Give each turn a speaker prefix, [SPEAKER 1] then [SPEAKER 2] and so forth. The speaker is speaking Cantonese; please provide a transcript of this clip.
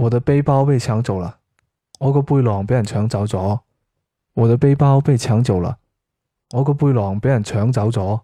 [SPEAKER 1] 我的背包被搶走啦，我個背囊俾人搶走咗。我的背包被搶走啦，我個背囊俾人搶走咗。